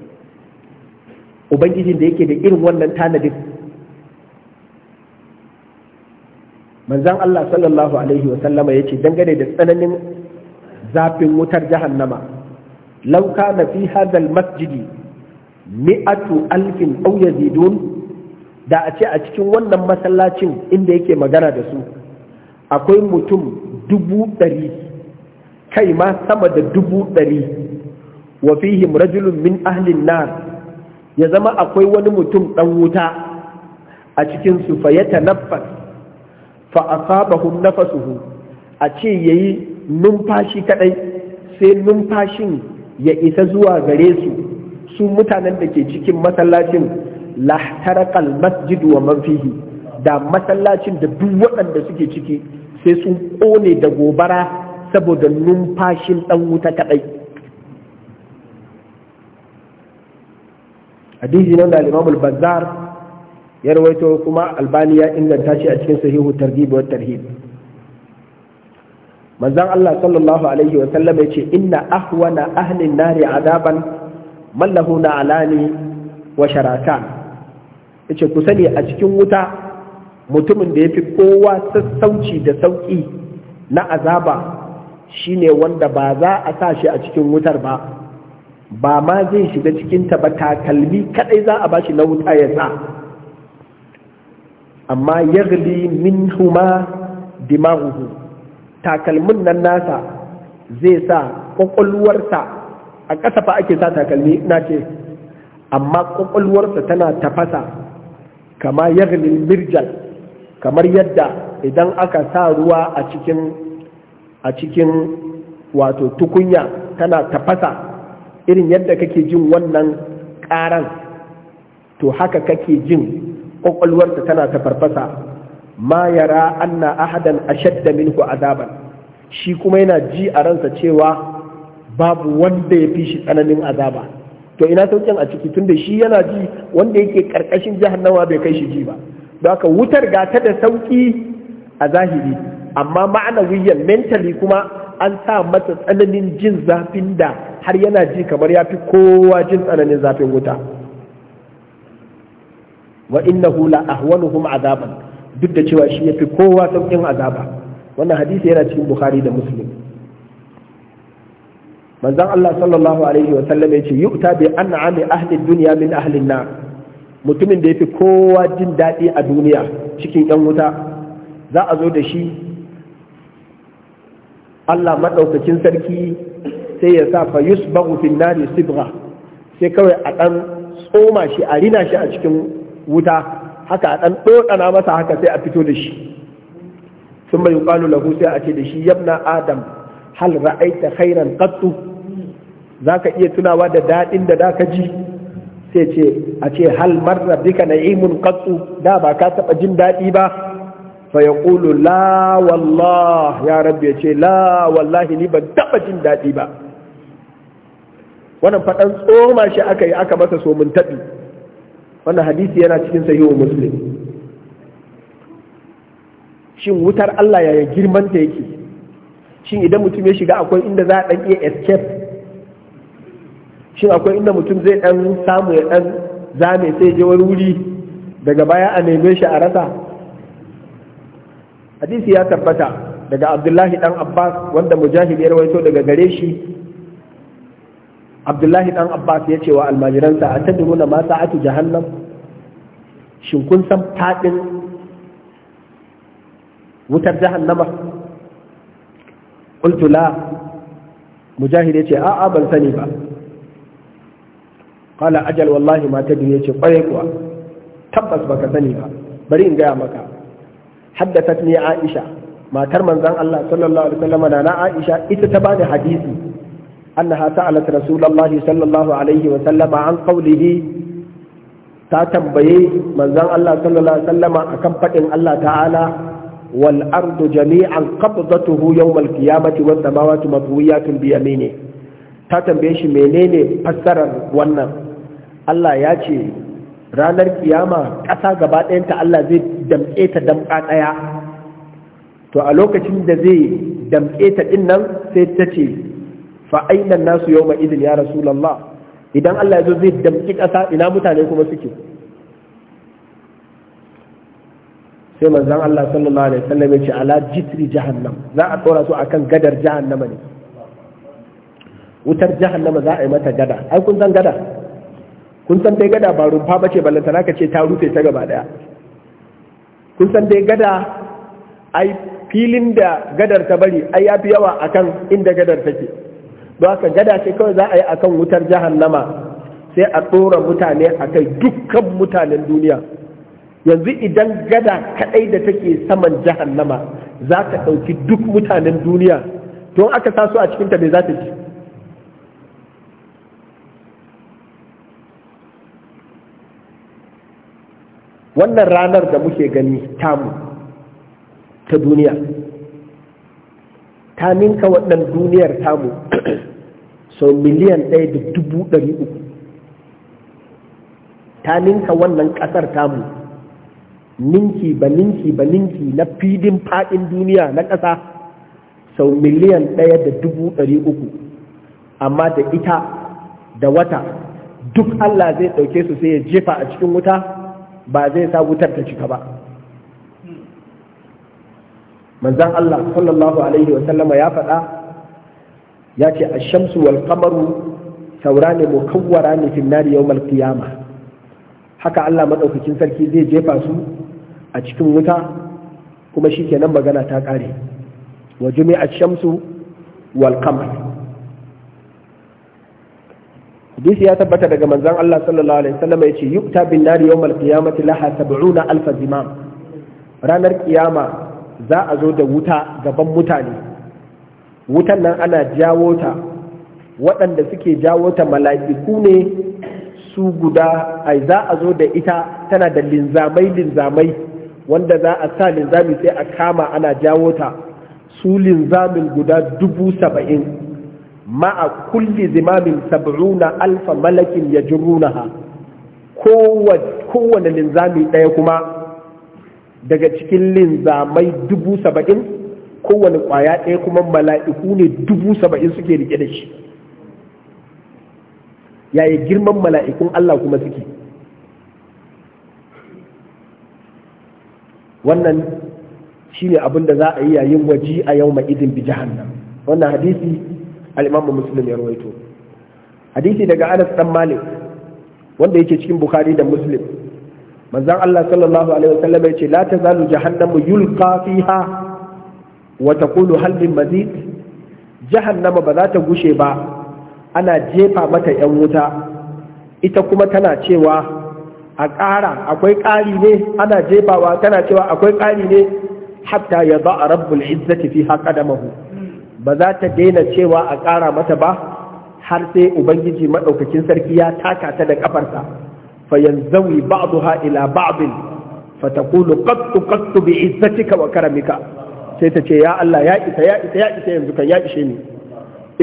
ubangijin da yake da irin wannan tanadin manzan Allah sallallahu alaihi wa ya ce dangane da tsananin zafin wutar jahannama Lauka na fi hadal masjidi mi'atu alfin ɗauya yazidun da a ce a cikin wannan masallacin inda yake magana da su akwai mutum dubu ɗari kai ma sama da dubu ɗari wa fihim rajulun min ahlin na. ya zama akwai wani mutum ɗan wuta a cikin su fa yatanaffas fa asabahu nafasuhu a ce yayi numfashi kadai sai numfashin ya isa zuwa gare su su mutanen da ke cikin masallacin lahtarakal masjid wa man fihi da masallacin da duk waɗanda suke ciki sai sun ƙone da gobara saboda numfashin ɗan wuta kaɗai hadisi ne da al-imam al-bazzar ya rawaito kuma albani ya inganta shi a cikin sahihu targhib wa tarhib manzon Allah sallallahu alaihi wa sallam yace inna ahwana ahli nari adaban man lahu na'alani wa sharakan yace ku sani a cikin wuta mutumin da yafi kowa sassauci da sauki na azaba shine wanda ba za a sa shi a cikin wutar ba ba ma zai shiga cikinta ba takalmi kadai za a ba shi na wuta ya sa amma gali min huma dimaguhu takalmin nan nasa zai sa kwakwalwarsa a ƙasa fa ake sa takalmi na ce amma kwakwalwarsa tana tafasa kama gali mirjal kamar yadda idan aka sa ruwa a cikin a cikin wato tukunya tana tafasa irin yadda kake jin wannan ƙaran to haka kake jin ƙwaƙwalwarsa tana ta farfasa ma yara anna ahadan ashadda minhu azaban shi kuma yana ji a ransa cewa babu wanda ya fi shi tsananin azaba to ina saukin a ciki tunda shi yana ji wanda yake karkashin jahannama bai kai shi ji ba don haka wutar gata da sauki a zahiri amma ma'ana wiyan mentally kuma an sa masa tsananin jin zafin da har yana ji kamar ya fi kowa jin tsananin zafin wuta wa hula la kuma azaban duk da cewa shi ya fi kowa saukin azaba wannan hadisi yana cikin bukhari da muslim manzon Allah sallallahu alaihi wa sallam ya ce yu'ta bi an'ami ahli duniya min ahli na. mutumin da ya fi kowa jin daɗi a duniya cikin yan wuta za a zo da shi Allah maɗaukacin sarki sai ya sa fa yusbahu fil nari sibra sai kawai a dan tsoma shi a rina shi a cikin wuta haka a dan dodana masa haka sai a fito da shi sun mai yuqalu lahu sai a ce da shi yabna adam hal ra'aita khairan qattu zaka iya tunawa da dadin da zaka ji sai ce a ce hal marra bika na'imun qattu da ba ka taba jin dadi ba فيقول لا والله يا رب يا لا والله ني ba تبا دادي با wannan faɗan tsoma shi aka yi aka masa mun taɓi wannan hadisi yana cikin sahihu muslim shin wutar Allah yaya girman ta yake shin idan mutum ya shiga akwai inda za a ɗan iya escape shin akwai inda mutum zai ɗan samu ya ɗan zame sai je wuri daga baya a neme shi a rasa hadisi ya tabbata daga abdullahi dan abbas wanda mujahid ya rawaito daga gare shi abdullahi dan abbas ya ce wa almajiransa a tadruna ma sa'atu jahannam shin kun san fadin wutar jahannama qultu la mujahid yace a a ban sani ba Kala ajal wallahi ma tadri yace kwaye kuwa tabbas baka sani ba bari in gaya maka haddathat ni aisha matar manzon Allah sallallahu alaihi wasallam na Aisha ita ta bani hadisi أنها سألت رسول الله صلى الله عليه وسلم عن قوله تتنبيه من زن الله صلى الله عليه وسلم أكم فتن الله تعالى والأرض جميعا قبضته يوم القيامة والسماوات مطويات بيمينه تتنبيش منين فسر ونم الله ياتي ranar kiyama ƙasa gaba ɗayanta Allah zai damƙe ta damƙa ɗaya to a lokacin da zai damƙe ta ɗin nan sai ta ce fa aina nasu yawma idin ya rasulullah idan Allah ya zo zai damki kasa ina mutane kuma suke sai manzon Allah sallallahu alaihi wasallam ya ce ala jitri jahannam za a tsora su akan gadar jahannama ne wutar jahannama za a yi mata gada ai kun san gada kun san dai gada ba rumfa bace ballanta ka ce ta rufe ta gaba daya kun san dai gada ai filin da gadar ta bari ai yafi yawa akan inda gadar take don haka gada ce kawai za a yi akan wutar jahannama sai a ɗora mutane a kai dukkan mutanen duniya yanzu idan gada kaɗai da take saman jahannama za ta ɗauki duk mutanen duniya don aka taso a cikinta mai za ta ji wannan ranar da muke gani tamu ta duniya ta ninka wannan duniyar tamu sau miliyan ɗaya da dubu ɗari uku ta ninka wannan ƙasar tamu ninki ba ninki ba ninki na fidin faɗin duniya na ƙasa sau miliyan ɗaya da dubu ɗari uku amma da ita da wata duk Allah zai ɗauke su sai ya jefa a cikin wuta ba zai sa wutar ta cika ba manzan Allah sallallahu alaihi wasallama ya faɗa ya ce a shamsu wal kamaru saura ne mukawwara ne fin nari yawmal qiyama haka Allah maɗaukakin sarki zai jefa su a cikin wuta kuma shi shikenan magana ta kare wa a shamsu wal qamar hadisi ya tabbata daga manzan Allah sallallahu alaihi wasallam ya ce yukta bin nari yawmal qiyamati laha 70 alf zimam ranar kiyama za a zo da wuta gaban mutane wutan nan ana jawo ta waɗanda suke jawo ta mala'iku ne su guda ai za a zo da ita tana da linzamai linzamai wanda za a sa linzami sai a kama ana jawo ta su linzamin guda dubu saba'in ma'a kulli zimamin sab'una alfa malakin ya jirunaha kowane linzami ɗaya kuma daga cikin linzamai dubu saba'in kowane kwaya ɗaya kuma mala'iku ne dubu saba'in suke rike da shi yaya girman mala'ikun Allah kuma suke wannan shi ne abin da za a yi yayin waji a yau ma idin bi jahannam wannan hadisi al'imamu muslim ya rawaito hadisi daga anas dan malik wanda yake cikin bukhari da muslim manzon Allah sallallahu alaihi wasallam ya ce la tazalu jahannamu yulqa fiha Wata Kulu, hal min mazid jahannama ba za ta gushe ba ana jefa mata yan wuta ita kuma tana cewa a ƙara akwai ƙari ne ana jefawa tana cewa akwai ƙari ne hatta ya a rabbul izzati fi haƙa da mahu ba za ta daina cewa a ƙara mata ba har sai ubangiji maɗaukakin sarki ya taka ta da ƙafarsa fa yanzawi ba'duha ila ba'din fa taqulu qattu qattu bi izzatika wa karamika sai ta ce ya Allah ya isa ya isa ya isa yanzu kan ya ishe ni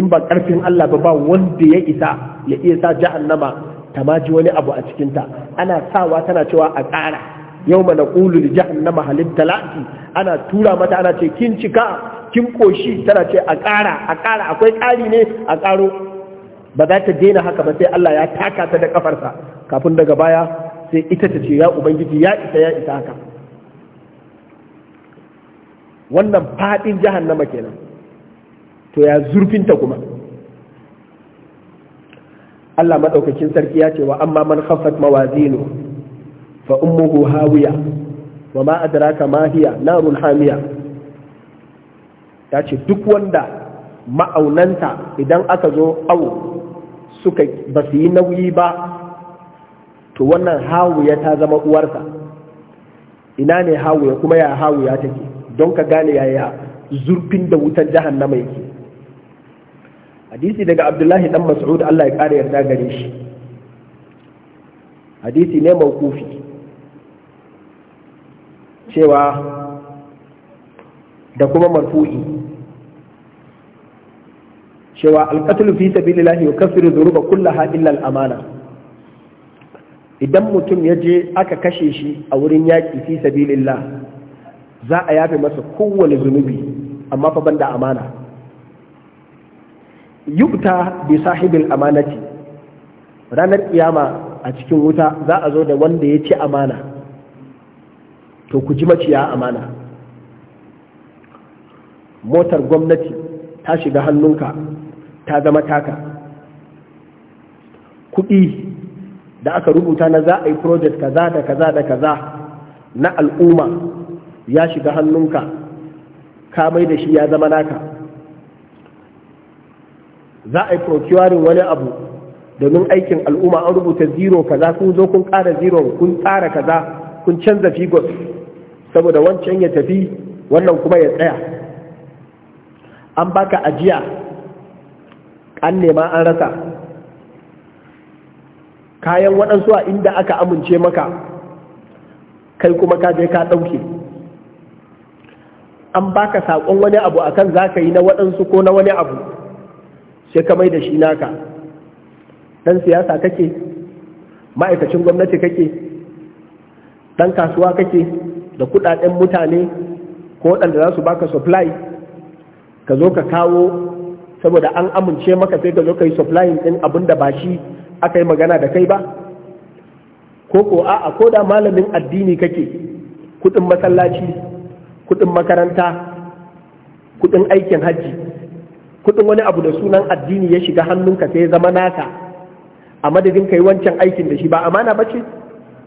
in ba karfin Allah ba ba wanda ya isa ya iya sa jahannama ta ma ji wani abu a cikin ta ana sawa tana cewa a tsara yau mana ƙulu da jahannama halitta talati ana tura mata ana ce kin cika kin koshi tana ce a ƙara a ƙara akwai ƙari ne a ƙaro ba za ta daina haka ba sai Allah ya taka ta da kafarsa kafin daga baya sai ita ta ce ya ubangiji ya isa ya isa haka wannan fadin jahannama kenan to ya zurfinta kuma Allah madaukakin sarki ya ce wa amma man khaffat mawazinu fa ummuhu hawiya wa ma adraka ma hiya narun hamiya ya ce duk wanda ma'aunanta idan aka zo au suka ba su yi nauyi ba to wannan hawiya ta zama uwarsa ina ne hawiya kuma ya hawiya take don ka gane yaya zurfin da wutar jahannama yake hadisi daga abdullahi dan mas'ud Allah ya kare yarda gare shi hadisi ne mawqufi cewa da kuma marfu'i cewa alqatl fi sabilillahi yukaffiru dhuruba kullaha illa al-amana idan mutum ya je aka kashe shi a wurin yaƙi fi sabilillah za a yafe masa kowane zunubi amma fa banda amana yukta bi sahibil amanati ranar kiyama a cikin wuta za a zo da wanda ya ci amana to ku ji maciya amana motar gwamnati ta shiga hannunka ta zama taka kuɗi da aka rubuta na za a yi project kaza da kaza da kaza na al'umma ya shiga hannunka ka mai da shi ya zama naka za a yi procuring wani abu domin aikin al'umma an rubuta zero kaza kun zo kun ƙara zero kun tsara kaza kun canza figos saboda wancan ya tafi wannan kuma ya tsaya an baka ajiya an nema an rasa kayan waɗansu a inda aka amince maka kai kuma ka je ka ɗauke an baka saƙon wani abu akan za ka yi na waɗansu ko na wani abu sai ka mai da shi naka ɗan siyasa kake ma'aikacin gwamnati kake ɗan kasuwa kake da kuɗaɗen mutane ko waɗanda za su baka supply ka zo ka kawo saboda an amince maka sai ka zo ka yi supply ɗin abin da ba shi aka yi magana da kai ba ko ko a'a ko da malamin addini kake kuɗin masallaci kudin makaranta kudin aikin hajji kudin wani abu da sunan addini ya shiga hannunka sai ya zama naka a madadin kai wancan aikin da shi ba amana bace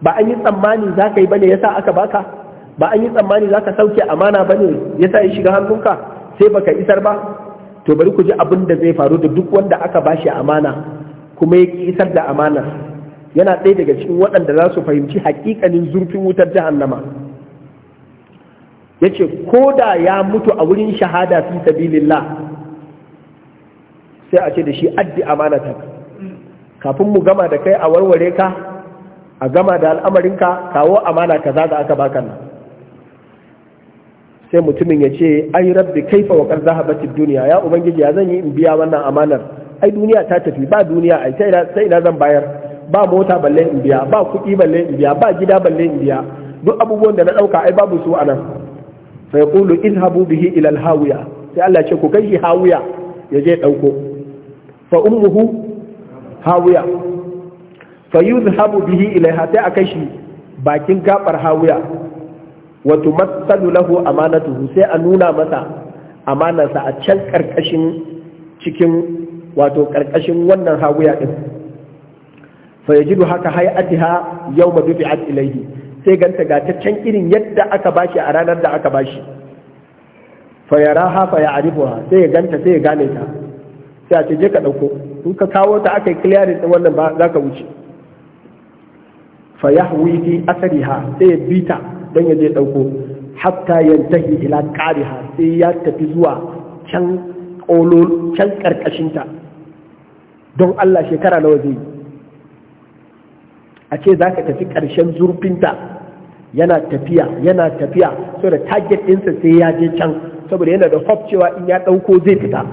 ba an yi tsammani za ka yi bane yasa aka baka ba an yi tsammani za ka sauke amana bane yasa ya shiga hannunka sai baka isar ba to bari ku ji abin da zai faru da duk wanda aka bashi amana kuma ya isar da amana yana ɗaya daga cikin waɗanda za su fahimci haƙiƙanin zurfin wutar jahannama. nama yace ko da ya mutu a wurin shahada fi sabilillah sai a ce da shi addi amanata kafin mu gama da kai a warware ka a gama da al'amarinka kawo amana kaza da aka baka nan sai mutumin ya ce ai rabbi kaifa wa qad zahabatid dunya ya ubangiji ya zan yi in biya wannan amanar ai duniya ta tafi ba duniya ai sai ina zan bayar ba mota balle in biya ba kuɗi balle in biya ba gida balle in biya duk abubuwan da na ɗauka ai babu su a nan fa yaqulu idhabu bihi ila al sai Allah ce ku kai shi hawiya ya je dauko fa ummuhu hawiya fa yuzhabu bihi ila sai a kai shi bakin gabar hawiya wa tumassalu lahu amanatuhu sai a nuna masa amanarsa a can karkashin cikin wato karkashin wannan hawiya din fa yajidu haka hay'atiha yawma dufi'at ilayhi sai ganta ga ta can irin yadda aka bashi a ranar da aka bashi fa ya raha fa ya arifuha sai ya ganta sai ya gane ta sai a ce je ka ɗauko in ka kawo ta aka yi clearing ɗin wannan ba za ka wuce fa ya fi asariha sai ya bi ta don ya je ɗauko hatta yantahi ila ƙariha sai ya tafi zuwa can ƙolo can ƙarƙashinta don Allah shekara nawa zai yi a ce za ka tafi ƙarshen zurfinta yana tafiya yana tafiya da target ɗinsa sai ya je can saboda yana da hope cewa in ya ɗauko zai fita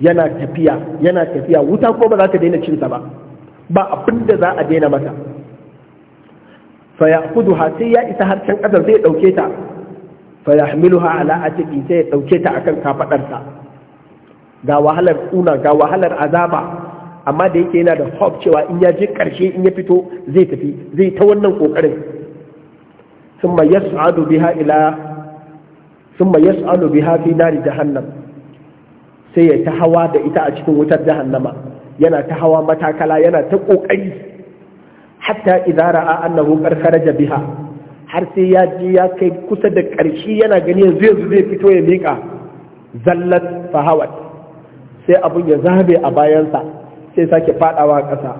yana tafiya yana tafiya wuta ko ba za ta daina cinsa ba ba abin da za a daina mata fa ya ha sai ya isa har can ƙasar sai ya ɗauke ta fa ya hamiluha ala atiki sai ya ɗauke ta akan kafaɗarsa ga wahalar kuna ga wahalar azaba amma da yake yana da hope cewa in ya je karshe in ya fito zai tafi zai ta wannan kokarin thumma yas'adu biha ila thumma yas'alu biha fi nari jahannam sai ya ta hawa da ita a cikin wutar jahannama yana ta hawa matakala yana ta kokari hatta idza ra'a annahu qad kharaja biha har sai ya ji ya kai kusa da karshe yana gani yanzu yanzu zai fito ya mika zallat fahawat sai abun ya zabe a bayansa sai sake fadawa ƙasa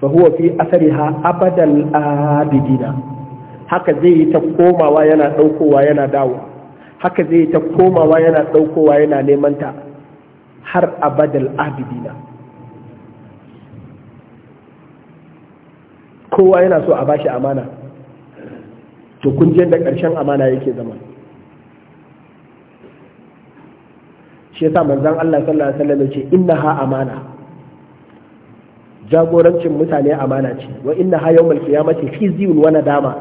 fa huwa fi asariha abadal abidina haka zai yi ta komawa yana daukowa yana dawo haka zai yi ta komawa yana daukowa yana neman ta har abadal abidina kowa yana so a bashi amana to kun je da ƙarshen amana yake zama shi yasa manzon Allah sallallahu alaihi wasallam ya ce innaha amana jagorancin mutane amana ce wa inna ha yawmal qiyamati khizyun wa nadama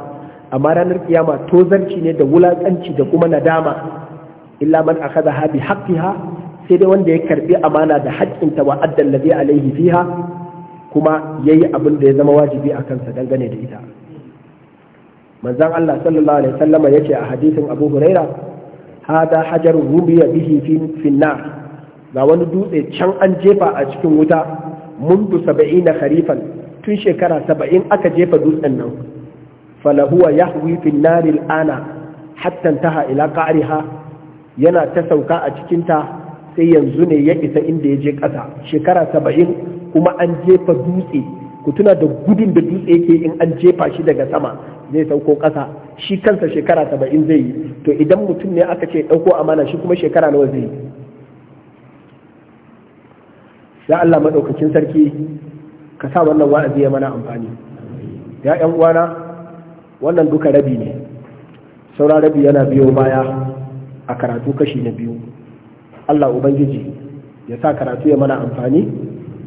amma ranar kiyama tozarci ne da wulakanci da kuma nadama illa man akhadha bi haqqiha sai dai wanda ya karbi amana da ta wa adda alladhi alaihi fiha kuma yayi abin da ya zama wajibi a kansa dangane da ita manzon Allah sallallahu alaihi wasallama yace a hadisin Abu Huraira hada Hajar rubiya bihi fi finnar ga wani dutse can an jefa a cikin wuta mundu na kharifan tun shekara saba'in aka jefa dutsen nan falahuwa yahwi fi ana hatta taha ila qa'riha yana ta sauka a cikin ta sai yanzu ne ya isa inda ya je ƙasa shekara saba'in kuma an jefa dutse ku tuna da gudun da dutse yake in an jefa shi daga sama zai sauko ƙasa shi kansa shekara saba'in zai yi to idan mutum ne aka ce ɗauko amana shi kuma shekara nawa zai yi ya Allah maɗaukacin sarki ka sa wannan wa'azi ya mana amfani ya ƴan uwana wannan duka rabi ne saura rabi yana biyo baya a karatu kashi na biyu Allah ubangiji ya sa karatu ya mana amfani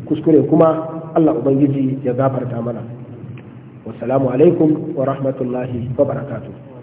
kuskure kuma Allah ubangiji ya gafarta mana wasalamu alaikum wa rahmatullahi wa barakatuh